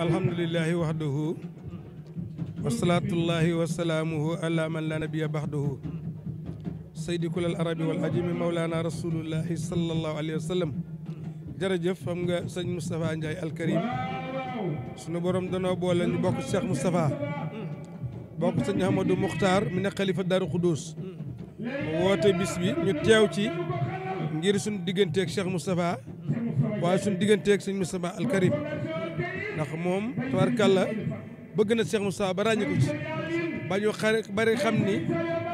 alhamdulillahi waxdahu wasalaatullahi wasalaamuhu ala man la nabiya baxdahu saydi kulal arabi wal mawlaana rasulullahi sallallahu alayhi wa sallam jërëjëf xam nga sëñ Moustapha Ndiaye alkarim sunu borom danoo boole ñu bokk Cheikh Moustapha bokk sëñ Ahmadou Muxtaar mi ne xalifa Daaru Xuduus woote bis ñu teew ci ngir suñu digganteeg Cheikh Moustapha waaye suñu digganteeg sëñ Moustapha ndax moom tabarkàlla bëgg na Cheikh Moustapha ba ràññi ko ci ba bari xam ni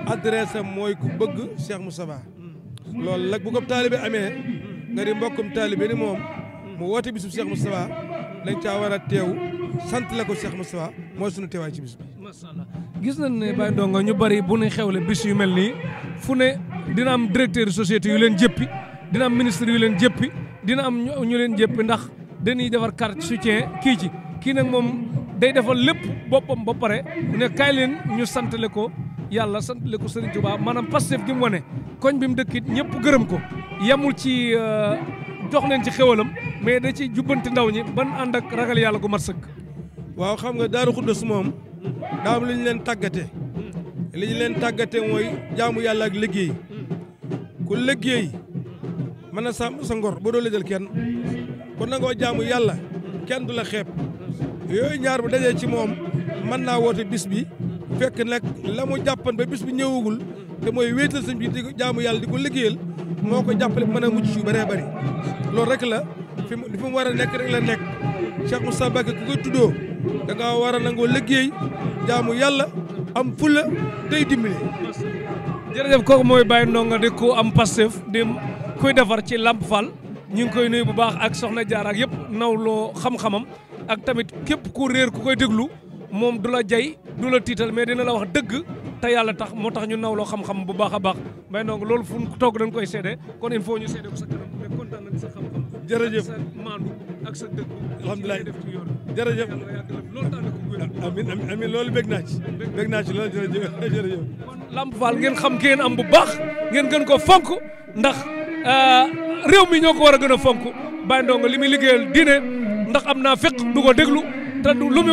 adresse am mooy ku bëgg mu Moustapha loolu nag bu ko taalibe amee nga di mbokkum taalibe ni moom mu woote bisub Cheikh Moustapha dañ caa war a teew sant la ko Cheikh Moustapha mooy sunu teewaay ci bis bi macha gis nañ ne Baye Ndongo ñu bari bu ñu xewle bis yu mel nii fu ne dina am directeur société yu leen jëppi dina am ministre yu leen jëppi dina am ñu leen jëppi ndax dañuy defar carte soutien kii ci kii nag moom day defal lépp boppam ba pare ne kaay ñu santale ko yàlla santale ko Serigne Touba maanaam Pastef gi mu wane koñ bi mu dëkkit ñëpp gërëm ko yemul ci euh, jox leen ci xéwalam mais da ci jubbanti ndaw ñi ban ànd ak ragal yàlla gu mat sëkk waaw xam nga Daaru Xuddus moom daam li ñu leen tàggate li ñu leen tàggate mooy jaamu yàlla ak liggéey ku liggéey mën a sàmm sa ngor boo doo lëjal kenn kon nangoo jaamu yàlla kenn du la xeeb yooyu ñaar bu dajee ci moom mën naa woote bis bi fekk nag la mu jàppan ba bis bi ñëwagul te mooy wéetal sëñ bi di jaamu yàlla di ko liggéeyal moo ko jàppale mën a mucc yu bëree bëri loolu rek la fi mu fi war a nekk rek la nekk Cheikh Moussa Mbacké ku koy tuddoo da nga war a nangoo liggéey jaamu yàlla am fula day dimbali. jërëjëf kooku mooy Baye Ndonga di ku am Pastef di kuy defar ci làmp fal ñu ngi koy nuyu bu baax ak soxna jaar ak yëpp nawloo xam-xamam ak tamit képp ku réer ku koy déglu moom du la jay du la tiital mais dina la wax dëgg te yàlla tax moo tax ñu nawloo xam-xam bu baax a baax mbay donc loolu fu toog dañ koy seede kon il faut ñu seede ko sa sa xam-xam jërëjëf sa maandu ak sa dëgg alhamdulilah def ci yoon jërëjëf loolu daal ko amin amin loolu bég naa ci bég naa ci loolu jërëjëf jërëjëf kon Lamp ngeen xam ki am bu baax ngeen gën ko fonk ndax euh, réew mi ñoo ko war a gën a fonk Baye Ndongo li muy liggéeyal diine ndax am naa fekk du ko déglu te du wax